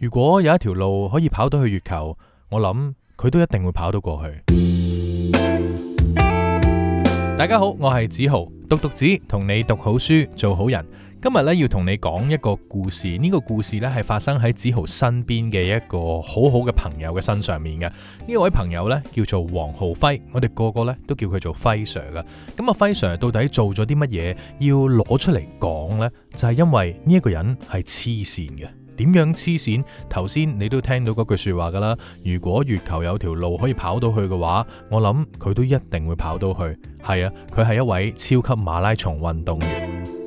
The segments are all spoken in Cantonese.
如果有一條路可以跑到去月球，我諗佢都一定會跑到過去。大家好，我係梓豪，獨讀子同你讀好書，做好人。今日咧要同你講一個故事，呢個故事咧係發生喺梓豪身邊嘅一個好好嘅朋友嘅身上面嘅。呢位朋友咧叫做黃浩輝，我哋個個咧都叫佢做輝 Sir 嘅。咁啊，輝 Sir 到底做咗啲乜嘢要攞出嚟講呢？就係因為呢一個人係黐綫嘅。點樣黐線？頭先你都聽到嗰句說話㗎啦。如果月球有條路可以跑到去嘅話，我諗佢都一定會跑到去。係啊，佢係一位超級馬拉松運動員。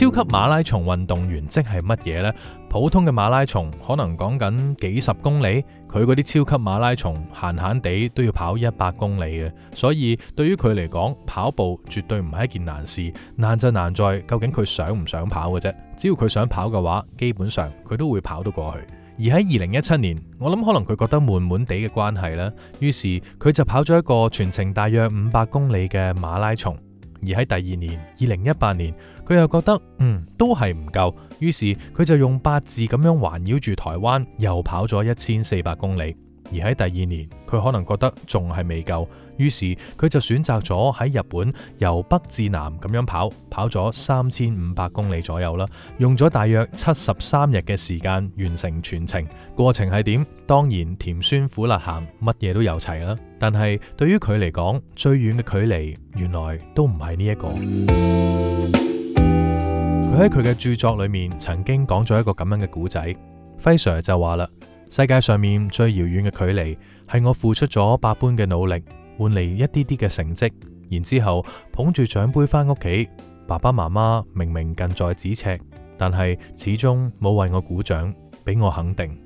超級馬拉松運動員即係乜嘢呢？普通嘅馬拉松可能講緊幾十公里，佢嗰啲超級馬拉松閒閒地都要跑一百公里嘅，所以對於佢嚟講，跑步絕對唔係一件難事。難就難在究竟佢想唔想跑嘅啫。只要佢想跑嘅話，基本上佢都會跑到過去。而喺二零一七年，我諗可能佢覺得悶悶地嘅關係呢，於是佢就跑咗一個全程大約五百公里嘅馬拉松。而喺第二年，二零一八年，佢又覺得，嗯，都係唔夠，於是佢就用八字咁樣環繞住台灣，又跑咗一千四百公里。而喺第二年，佢可能覺得仲係未夠，於是佢就選擇咗喺日本由北至南咁樣跑，跑咗三千五百公里左右啦，用咗大約七十三日嘅時間完成全程。過程係點？當然甜酸苦辣鹹乜嘢都有齊啦。但係對於佢嚟講，最遠嘅距離原來都唔係呢一個。佢喺佢嘅著作裏面曾經講咗一個咁樣嘅故仔，輝 Sir 就話啦。世界上面最遙遠嘅距離係我付出咗百般嘅努力，換嚟一啲啲嘅成績，然之後捧住獎杯翻屋企。爸爸媽媽明明近在咫尺，但係始終冇為我鼓掌，俾我肯定。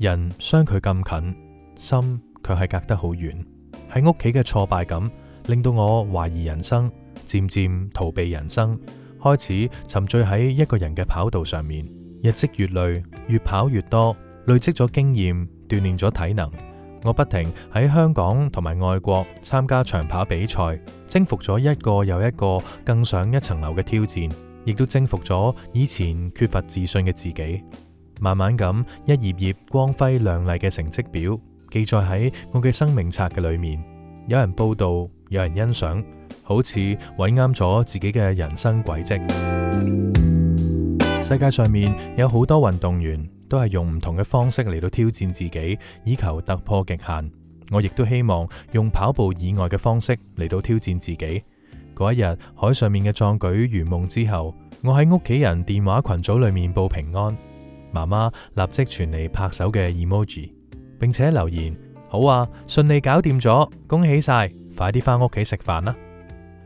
人相距咁近，心卻係隔得好遠。喺屋企嘅挫敗感令到我懷疑人生，漸漸逃避人生，開始沉醉喺一個人嘅跑道上面，日積月累，越跑越多。累積咗經驗，鍛煉咗體能，我不停喺香港同埋外國參加長跑比賽，征服咗一個又一個更上一層樓嘅挑戰，亦都征服咗以前缺乏自信嘅自己。慢慢咁，一頁頁光輝亮麗嘅成績表記載喺我嘅生命冊嘅裏面。有人報道，有人欣賞，好似揾啱咗自己嘅人生軌跡。世界上面有好多運動員。都係用唔同嘅方式嚟到挑戰自己，以求突破極限。我亦都希望用跑步以外嘅方式嚟到挑戰自己。嗰一日海上面嘅壯舉圓夢之後，我喺屋企人電話群組裏面報平安，媽媽立即傳嚟拍手嘅 emoji，並且留言：好啊，順利搞掂咗，恭喜晒，快啲翻屋企食飯啦！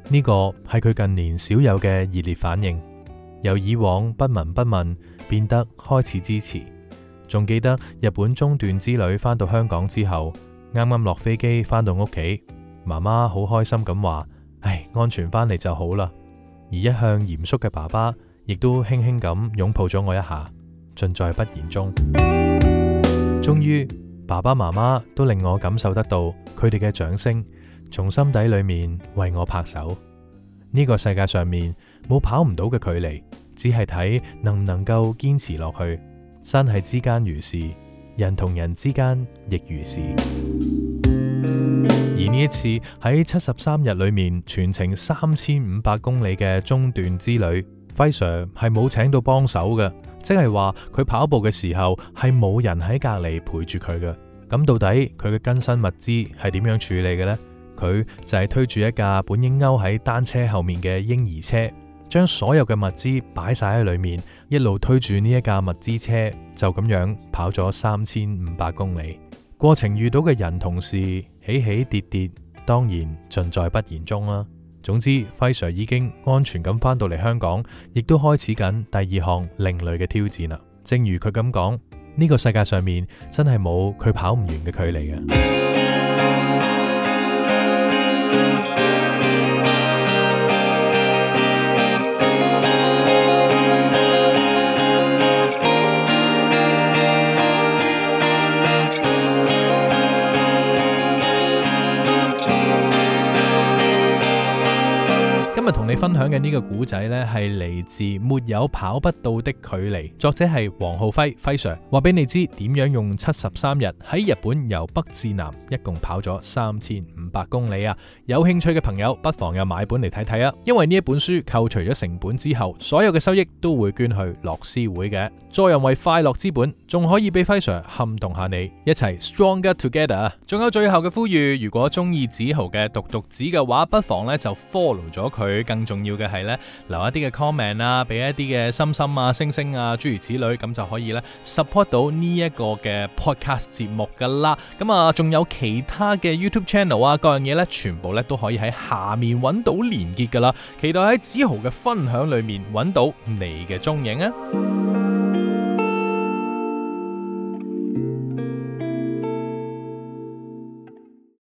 呢個係佢近年少有嘅熱烈反應。由以往不聞不問，變得開始支持。仲記得日本中段之旅返到香港之後，啱啱落飛機返到屋企，媽媽好開心咁話：唉，安全返嚟就好啦。而一向嚴肅嘅爸爸，亦都輕輕咁擁抱咗我一下，盡在不言中。終於，爸爸媽媽都令我感受得到佢哋嘅掌聲，從心底裏面為我拍手。呢個世界上面。冇跑唔到嘅距離，只係睇能唔能夠堅持落去。山系之間如是，人同人之間亦如是。而呢一次喺七十三日裏面，全程三千五百公里嘅中段之旅，輝 sir 係冇請到幫手嘅，即係話佢跑步嘅時候係冇人喺隔籬陪住佢嘅。咁到底佢嘅跟身物資係點樣處理嘅呢？佢就係推住一架本應勾喺單車後面嘅嬰兒車。將所有嘅物資擺晒喺裏面，一路推住呢一架物資車，就咁樣跑咗三千五百公里。過程遇到嘅人同事，起起跌跌，當然盡在不言中啦，啊。總之，輝 sir 已經安全咁返到嚟香港，亦都開始緊第二項另類嘅挑戰啦。正如佢咁講，呢、這個世界上面真係冇佢跑唔完嘅距離啊！ 你分享嘅呢個古仔呢，係嚟自《沒有跑不到的距離》，作者係黃浩輝輝 Sir。話俾你知點樣用七十三日喺日本由北至南，一共跑咗三千五百公里啊！有興趣嘅朋友不妨又買本嚟睇睇啊！因為呢一本書扣除咗成本之後，所有嘅收益都會捐去樂施會嘅，助人為快樂之本，仲可以俾輝 Sir 撼動下你，一齊 stronger together 啊！仲有最後嘅呼籲，如果中意梓豪嘅獨讀子嘅話，不妨呢就 follow 咗佢更。更重要嘅係咧，留一啲嘅 comment 啊，俾一啲嘅心心啊、星星啊，諸如此類，咁就可以咧 support 到呢一個嘅 podcast 節目噶啦。咁啊，仲有其他嘅 YouTube channel 啊，各樣嘢咧，全部咧都可以喺下面揾到連結噶啦。期待喺梓豪嘅分享裏面揾到你嘅蹤影啊！